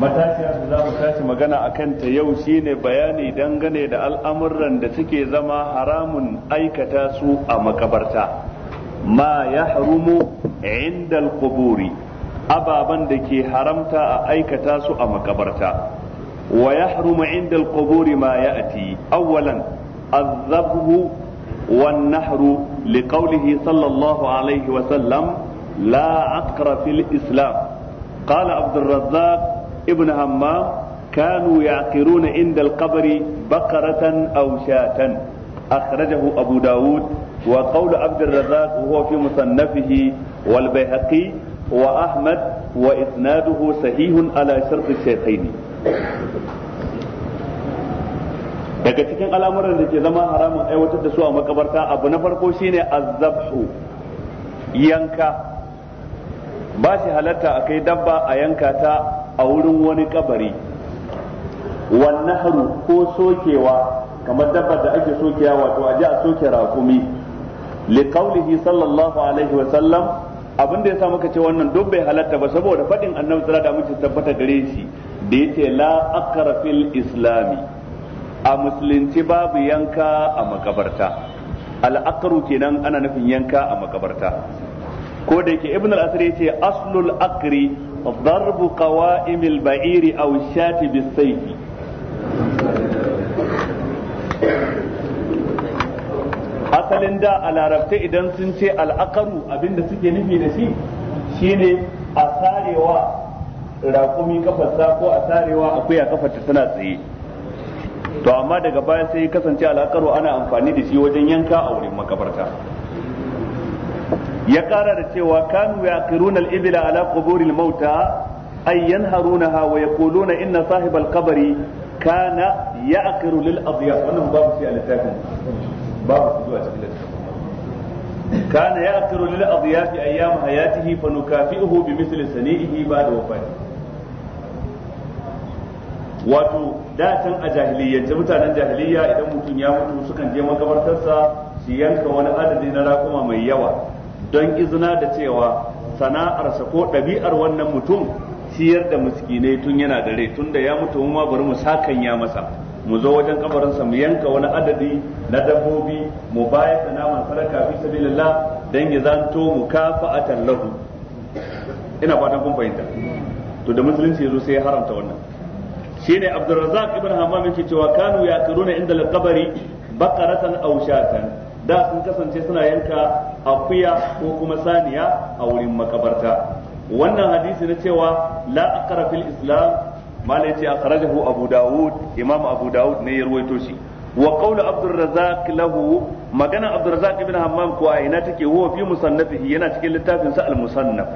matashiya da za mu tashi magana a kanta yau shine bayani dangane da al'amuran da suke zama haramun aikata su a makabarta ma ya harumu inda alkuburi ababen da ke haramta a aikata su a makabarta wa ya harumu inda alkuburi ma ya ati awwalan azabhu wan nahru sallallahu alaihi wa sallam la aqra fil islam قال عبد الرزاق ibn hammam kanu yaqiruna inda al-qabri baqaratan aw shatan akhrajahu abu daud wa qawlu abd al-razzaq huwa fi musannafihi wal bayhaqi wa ahmad wa isnaduhu sahihun ala shart al-shaykhayn daga cikin al'amuran da ke zama haramun aiwatar da su a makabarta abu na farko shine azzabhu yanka ba shi halatta a kai dabba a yanka ta a wurin wani kabari wannan haru ko sokewa kamar dabbar da ake sokewa wato aje a soke rakumi li qawlihi sallallahu alaihi wa sallam abin da yasa muka ce wannan duk bai halatta ba saboda fadin annabi sallallahu alaihi wasallam tabbata gare shi da yace la akra fil islami a musulunci babu yanka a makabarta al'akaru kenan ana nufin yanka a makabarta ko da yake ibn al asri yace aslul akri ضرب قوائم البعير أو الشاة بالسيف asalin da a larabta idan sun ce al'akaru abinda suke nufi da shi shine a sarewa raƙumi kafarsa ko a sarewa akuya kafarta tana tsaye to amma daga baya sai kasance al'akaru ana amfani da shi wajen yanka a wurin makabarta ya kara da cewa kanu yaqiruna al-ibla ala quburil mauta ay yanharunaha wa yaquluna inna sahibal qabri kana yaqiru lil adyaf wannan babu shi a littafin babu zuwa cikin littafin كان يأكل للأضياف أيام حياته فنكافئه بمثل سنيئه بعد وفاته wato da datan a jahiliyyance mutanen jahiliya idan mutum ya mutu sukan je makabartarsa su yanka wani adadi na raƙuma mai yawa don izina da cewa sana'arsa ko ɗabi'ar wannan mutum siyar da miskinai tun yana da rai tun da ya mutu ma bari mu sakan ya masa mu zo wajen kabarinsa mu yanka wani adadi na dabbobi mu bayar da naman sadaka fi sabilillah dan ya zanto mu kafa'atan lahu ina fatan kun fahimta to da musulunci yazo sai ya haramta wannan shine Abdurrazzaq ibn Hammam yake cewa kanu yaqiruna inda al-qabri baqaratan aw shatan da sun kasance suna yanka akuya ko kuma saniya a wurin makabarta wannan hadisi na cewa la aqra fil islam malai ce akhrajahu abu daud imam abu daud ne ya ruwaito shi wa qawlu abdur lahu magana abdur ibn hammam ko aina take huwa fi musannafihi yana cikin littafin sa al musannaf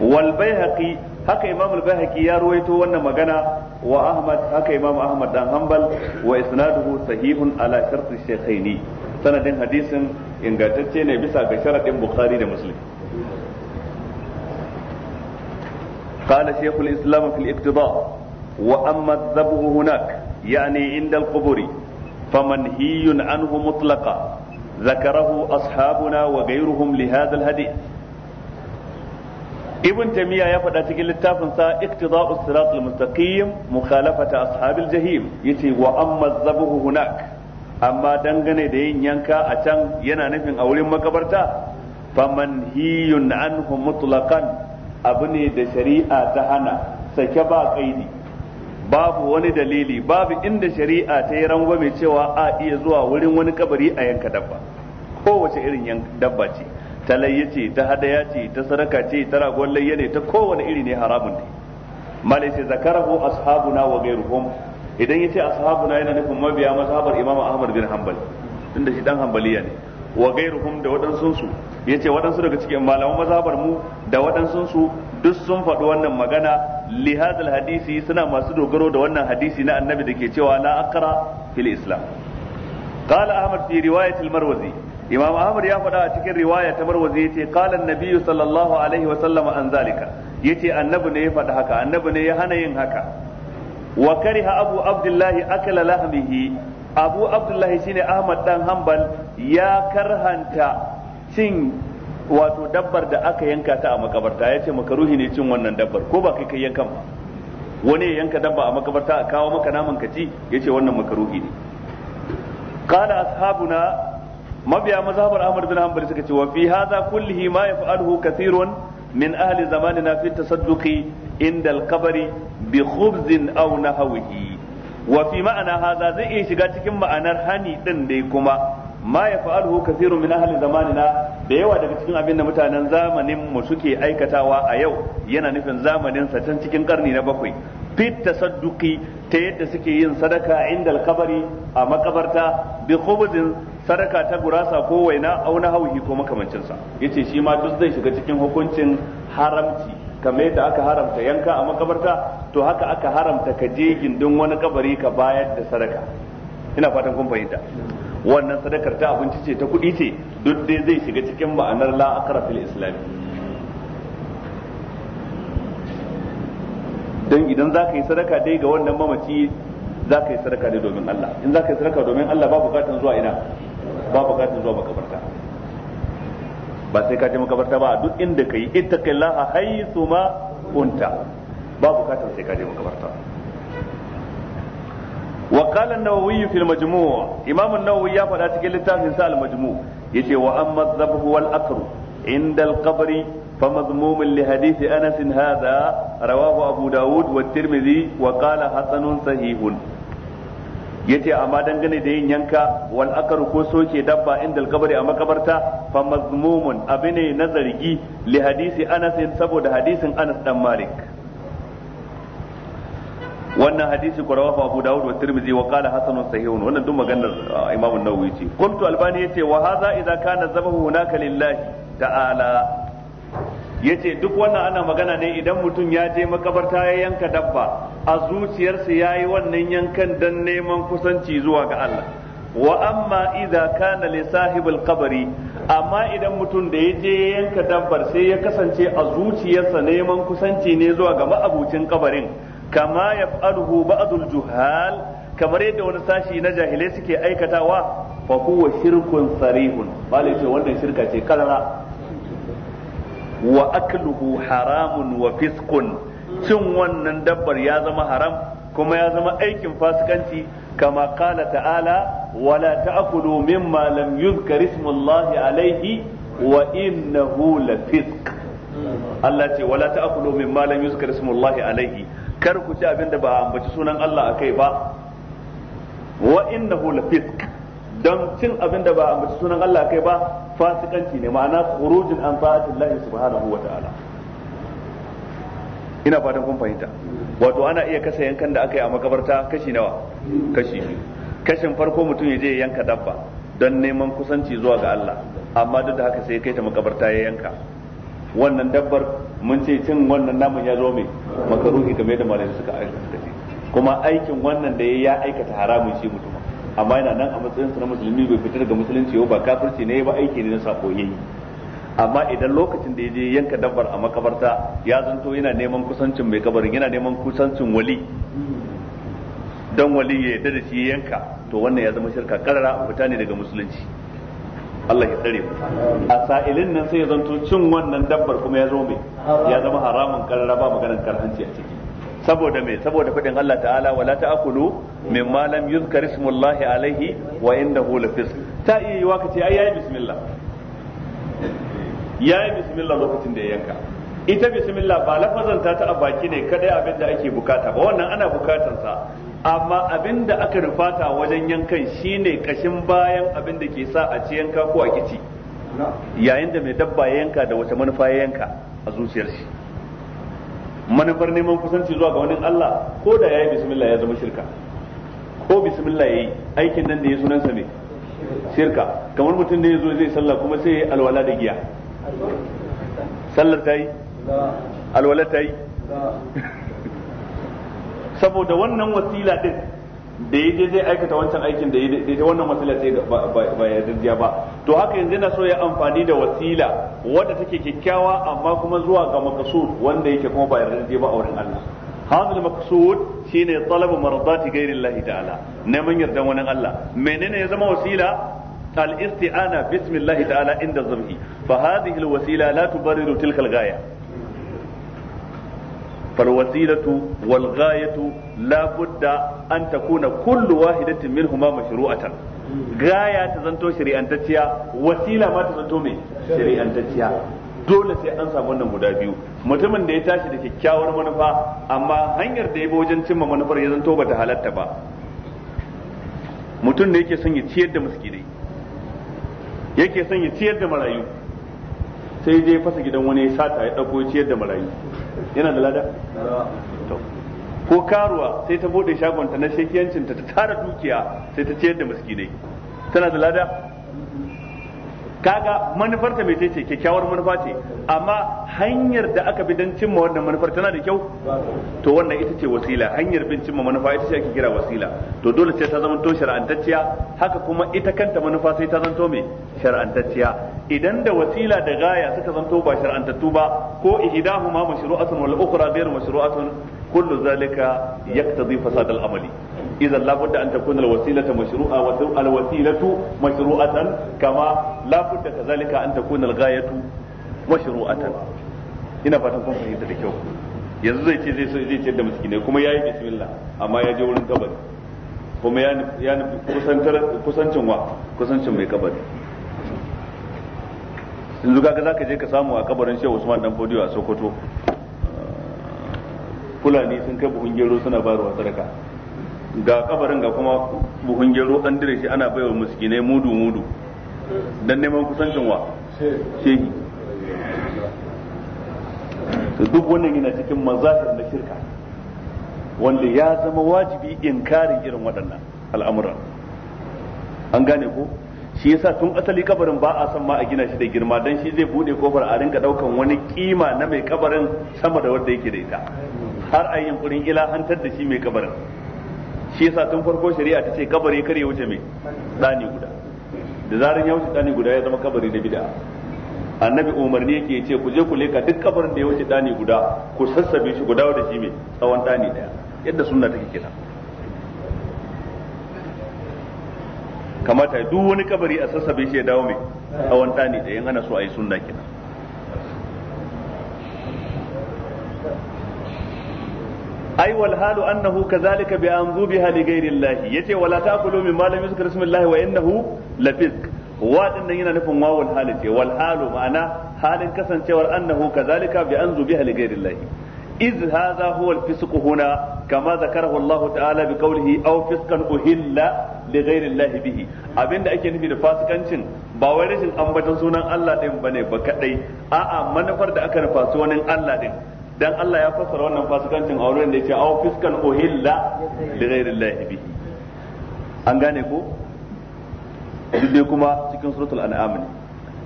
wal baihaqi haka imam al baihaqi ya ruwaito wannan magana wa ahmad haka imam ahmad dan hanbal wa isnaduhu sahihun ala shartu shaykhaini sanadin hadisin ingantacce ne bisa ga sharadin bukhari da muslim قال شيخ الإسلام في الاقتضاء وأما الذبح هناك يعني عند القبور فمنهي عنه مطلقا ذكره أصحابنا وغيرهم لهذا الحديث ابن تيمية يفعل تقل التافنسا اقتضاء الصراط المستقيم مخالفة أصحاب الجحيم يتي وأما الذبح هناك amma dangane da yin yanka a can yana nufin a wurin makabarta faman hiyun an mutlaqan abu ne da shari'a ta hana sake ba kaidi babu wani dalili babu inda shari'a ta yi rangwame cewa a iya zuwa wurin wani kabari a yanka dabba kowace irin dabba ce ta layya ce ta hadaya ce ta sadaka ce ta ragon layya ne ta kowane iri ne haramun ne malai zakarahu ashabuna wa gairuhum idan yace ashabuna yana nufin mabiya mazhabar imamu ahmad bin hanbal tunda shi dan hanbaliya ne wa gairuhum da waɗansu su yace waɗansu daga cikin malaman mazhabar mu da waɗansu su duk sun faɗi wannan magana li hadal hadisi suna masu dogaro da wannan hadisi na annabi da ke cewa la akra fil islam qala ahmad fi riwayat al marwazi imam ahmad ya faɗa a cikin riwaya ta marwazi yace qala an-nabiy sallallahu alaihi wa sallam an zalika yace annabi ne ya faɗi haka annabi ne ya hana yin haka wa kariha abu abdullahi akala lahmihi abu abdullahi shine ahmad dan hanbal ya karhanta cin wato dabbar da aka yanka ta a makabarta ya ce makaruhi ne cin wannan dabbar ko ba kai kai yanka ba wani ya yanka dabba a makabarta a kawo maka naman ka ci ya ce wannan makaruhi ne qala ashabuna mabiya mazhabar ahmad bin hanbal suka ce wa fi hadha kullihi ma yaf'aluhu kathirun min ahli zamanina fi tasadduqi inda al-qabri bi khubzin aw wafi wa fi ma'ana hadha zai iya shiga cikin ma'anar hani din dai kuma ma ya fa'alhu kathirun min ahli zamanina da yawa daga cikin abin da mutanen zamanin mu suke aikatawa a yau yana nufin zamanin sa can cikin karni na bakwai fit tasadduqi ta yadda suke yin sadaka inda al-qabri a makabarta bi khubzin sadaka ta gurasa ko waina auna hauhi ko sa yace shi ma duk zai shiga cikin hukuncin haramci kamar yadda aka haramta yanka a makabarta to haka aka haramta ka je gindin wani kabari ka bayar da sadaka ina fatan kun fahimta wannan sadakar ta abinci ce ta kuɗi ce duk dai zai shiga cikin ma'anar la akara fil Islam. dan idan zaka yi sadaka dai ga wannan mamaci zaka yi sadaka dai domin Allah in zaka yi sadaka domin Allah ba bukatun zuwa ina ba bukatun zuwa makabarta ba sai ka je makabarta ba duk inda kai ittaqillaha haythu ma kunta ba bukatar sai ka je makabarta wa qala an-nawawi fi al-majmu' imam an-nawawi ya faɗa cikin littafin sa al-majmu' yace wa amma adh-dhabhu wal akru inda al-qabri فمذموم لحديث أنس هذا رواه أبو داود والترمذي وقال حسن صحيح Ya yace amma dangane da yin yanka wal akaru ko soke dabba inda alkabari a makabarta fa mazmumun abu ne na zargi li hadisi Anas saboda hadisin Anas dan Malik wannan hadisi kwarawa fa Abu Dawud wa Tirmidhi wa qala hasanun sahihun wannan duk maganar uh, Imam an-Nawawi ce qultu albani yace wa hadha idza kana zabahu hunaka lillahi ta'ala yace duk wannan ana magana ne idan mutum ya je makabarta ya yanka dabba a zuciyarsa yi wannan yankan dan neman kusanci zuwa ga Allah wa amma idza kana li sahibul qabri amma idan mutum da ya je ya yanka dabbar sai ya kasance a zuciyarsa neman kusanci ne zuwa ga ma'abucin kabarin kama yaf'aluhu ba'dul juhal kamar yadda wani sashi na jahilai suke aikatawa fa huwa shirkun sarihun malai ce wannan shirka ce karara wa akluhu haramun wa fiskun cin wannan dabbar ya zama haram kuma ya zama aikin fasikanci kama kala ta'ala wala ta'kulu mimma lam yuzkar ismullahi alaihi wa innahu la fisk Allah ce wala ta'kulu mimma lam yuzkar ismullahi alaihi kar ku ci abinda ba ambaci sunan Allah akai ba wa innahu la fisk don cin abin da ba a mutu sunan Allah kai ba fasikanci ne ma'ana khurujin an ta'atillahi subhanahu wa ta'ala ina fatan kun fahimta wato ana iya kasa yankan da aka yi a makabarta kashi nawa kashi biyu kashin farko mutum ya je yanka dabba don neman kusanci zuwa ga Allah amma duk da haka sai kai ta makabarta ya yanka wannan dabbar mun ce cin wannan namun ya zo mai makaruhi game da malai suka aikata kuma aikin wannan da ya aikata haramun shi mutum amma yana nan a matsayin sa na musulmi bai fita daga musulunci ba kafirci ne ba aiki ne na sako yayi amma idan lokacin da ya je yanka dabbar a makabarta ya zanto yana neman kusancin mai kabarin yana neman kusancin wali dan wali ya yarda da shi yanka to wannan ya zama shirka karara fita ne daga musulunci Allah ya tsare mu a sa'ilin nan sai ya zanto cin wannan dabbar kuma ya zo mai ya zama haramun karara ba maganar karhanci a ciki saboda me saboda fadin Allah ta'ala wala ta'kulu mimma lam yuzkar ismullahi alaihi wa indahu lafis ta iya yiwa kace ce ai yayi bismillah yayi bismillah lokacin da ya yanka ita bismillah ba lafazan ta a baki ne kadai abin da ake bukata ba wannan ana bukatar sa amma abin da aka rufata wajen yankan shine kashin bayan abin da ke sa a ci yanka ko a kici yayin da mai dabba ya yanka da wata manufa ya yanka a zuciyar shi manufar neman kusanci zuwa ga wani Allah ko da ya yi bismillah ya zama shirka ko bismillah yi, aikin nan da ya sunansa ne shirka kamar mutum da zo zai sallah kuma sai alwala da giya sallar ta yi alwala ta yi saboda wannan wasila din da yi zai aikata wancan aikin da yi da wannan matsala sai da ba ya ba to haka yanzu yana so ya amfani da wasila wadda take kyakkyawa amma kuma zuwa ga makasud wanda yake kuma ba ya jirgiya ba a wurin Allah hamil makasud shi ne talaba marzati gairi lahi ta'ala neman yardan wani Allah menene ya zama wasila al-isti'ana bismillah ta'ala inda zabhi fa hadhihi al-wasila latu tubarriru tilka al-gaya فالوسيلة والغاية لا بد أن تكون كل واحدة منهما مشروعة غاية تزنتو شريعا تتيا وسيلة ما تزنتو مي شريعا تتيا dole sai an samu wannan guda biyu mutumin da ya tashi da kyakkyawar manufa amma hanyar da ya bi wajen cimma manufar ya zanto bata halatta ba mutum da yake son ya ciyar da miskinai yake son ya ciyar da marayu sai je fasa gidan wani ya sata ya dauko ciyar da marayu yana da lada ko karuwa sai ta bude shagonta na shekiyancinta ta tara dukiya sai ta ciyar da miskinai tana da lada kaga manufar ta mece ce kyakkyawar manufa ce amma hanyar da aka bi don cimma wannan manufar tana da kyau to wannan ita ce wasila hanyar bin cimma manufa ita ce ake kira wasila to dole sai ta zamanto shar'antacciya haka kuma ita kanta manufa sai ta zanto mai shar'antacciya idan da wasila da gaya suka zanto ba shar'antattu ba ko ihdahuma mashru'atun wal ukhra ghayr mashru'atun kullu zalika yaqtadi fasad al amali إذا لابد أن تكون الوسيلة مشروعة والوسيلة مشروعة kama. la budda kazalika an takuna al-ghayatu mashru'atan ina fatan kun fahimta da kyau yanzu zai ce zai zai ce da miskinai kuma yayi bismillah amma ya je wurin kabari kuma ya ya kusantar kusancin wa kusancin mai kabari yanzu kaga zaka je ka samu a kabarin Shehu Usman dan Fodiyo a Sokoto Fulani sun kai buhun gero suna bayarwa sadaka ga kabarin ga kuma buhun gero an dire shi ana baiwa miskinai mudu mudu dan neman kusancin wa shehi to duk wannan yana cikin mazahir na shirka wanda ya zama wajibi inkarin irin waɗannan al'amuran an gane ko shi yasa tun asali kabarin ba a san ma a gina shi da girma dan shi zai bude kofar a rinka daukan wani kima na mai kabarin sama da wanda yake da ita har a yin kurin ilahantar da shi mai kabarin shi yasa tun farko shari'a ta ce kabari kare wuce mai dani guda da zarin ya wuce dani guda ya zama kabari na bid'a annabi ne yake ce ku je ku leka duk kabarin da ya wuce dani guda ku sassabe shi guda da shi mai tsawon dani daya yadda sunna take kira kamata duk wani kabari a sassabe shi ya dawo mai tsawon dani daya in ana so a yi sunna kenan ai wal halu annahu kadhalika bi anzubiha li ghairi Allah yace wala taqulu mimma lam yuzkar ismillah wa innahu lafizq waɗannan yana nufin wawul hali ce wal ma'ana halin kasancewar annahu kazalika bi anzubiha li ghairi Allah iz hadha huwa al huna kama zakarahu Allah ta'ala bi qawlihi aw fisqan uhilla li ghairi Allah bihi ake nufi da fasikancin ba wai rashin ambaton sunan Allah din bane ba kadai a'a manufar da aka nufa sunan Allah din dan Allah ya fassara wannan fasikancin a wurin da yake aw fiskan uhilla li ghairi bihi an gane ko duk dai kuma cikin suratul an'am ne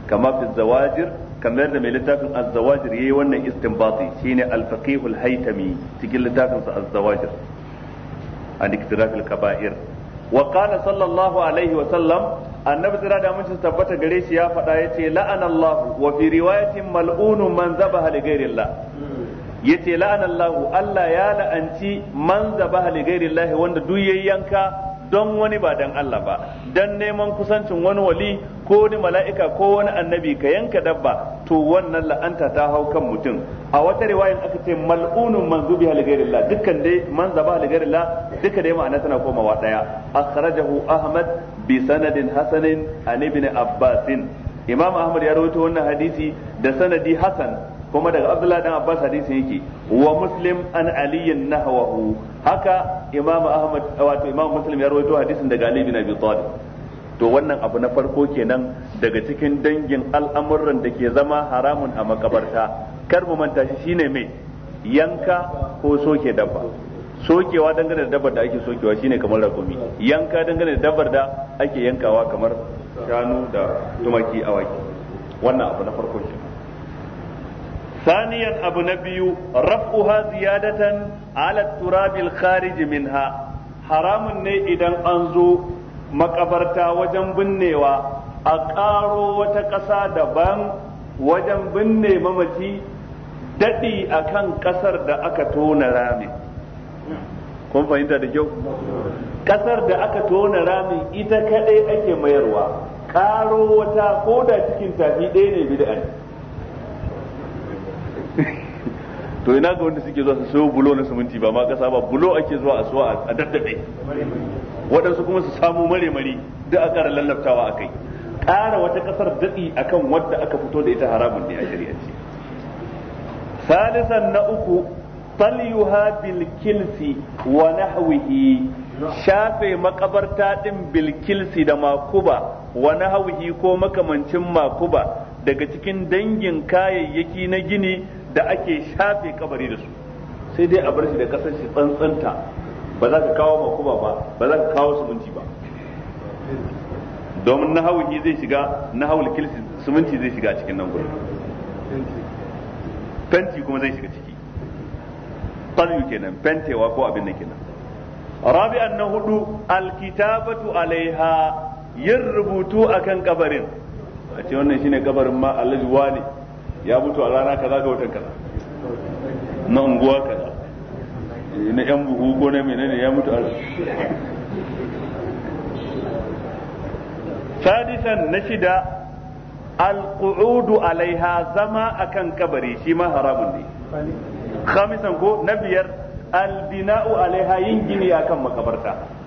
kama fi zawajir kamar da mai littafin az-zawajir yayi wannan istinbati shine al-faqih al-haytami cikin littafin sa az-zawajir an iktiraf al-kaba'ir wa qala sallallahu alaihi wa sallam annabi tsira da mun tabbata gare shi ya faɗa yace la'anallahu wa fi riwayatin mal'unun man zabaha li ghairi yace la'anallahu Allah ya la'anci man zaba li Allah wanda duk yayi yanka don wani ba dan Allah ba dan neman kusancin wani wali ko wani mala'ika ko wani annabi ka yanka dabba to wannan la'anta ta hau kan mutum a wata riwayan aka ce mal'unun man zubi Allah dukkan dai man zaba Allah duka dai ma'ana tana komawa daya akhrajahu ahmad bi sanadin hasanin an ibn abbasin imam ahmad ya rawaito wannan hadisi da sanadi hasan kuma daga Abdullah dan Abbas hadisin yake wa Muslim an Ali nahwahu haka Imam Ahmad wato Imam Muslim ya rawaito hadisin daga Ali bin Abi Talib to wannan abu na farko kenan daga cikin dangin al'amuran da ke zama haramun a makabarta kar mu manta shi shine mai yanka ko soke dabba sokewa dangane da dabbar da ake sokewa shine kamar rakumi yanka dangane da dabbar da ake yankawa kamar shanu da tumaki awaki wannan abu na farko kenan Saniyar abu na biyu, رفعها زيادة على Turabil الخارج منها haramun ne idan an zo makabarta wajen binnewa a ƙaro wata ƙasa daban wajen binne mamaci daɗi akan kan ƙasar da aka tona rami ƙasar da aka tona rami ita kaɗai ake mayarwa ƙaro wata ko da cikin tafi ɗaya ne bid'a ne to ina ga wanda suke zuwa su sayo bulo na siminti ba ma kasa ba bulo ake zuwa a suwa a daddade waɗansu kuma su samu maremari duk a ƙara lallabtawa a kai ƙara wata ƙasar daɗi akan wadda aka fito da ita haramun ne a shari'ance salisan na uku falyuha bil kilsi wa nahwihi shafe makabarta din bil kilsi da makuba wa nahwihi ko makamancin makuba daga cikin dangin kayayyaki na gini da ake shafe kabari da su sai dai a bar shi da kasar shi tsantsanta ba za ka kawo makuba ba ba za ka kawo sumunci ba domin na hawuhi zai shiga na hawul kilsi sumunci zai shiga cikin nan gurin fenti kuma zai shiga ciki talyu kenan fentewa ko abin da kenan rabi'an na hudu alkitabatu alaiha yin rubutu akan kabarin a ce wannan shine kabarin ma alhaji wani ya mutu a rana kaza ga watan kaza na unguwa kaza eh, na yan buhu ko na menene ya mutu a sadisan na shida alqu'udu alaiha zama akan kabari shi ma haramun ne khamisan ko na biyar albina'u alaiha yin gini akan makabarta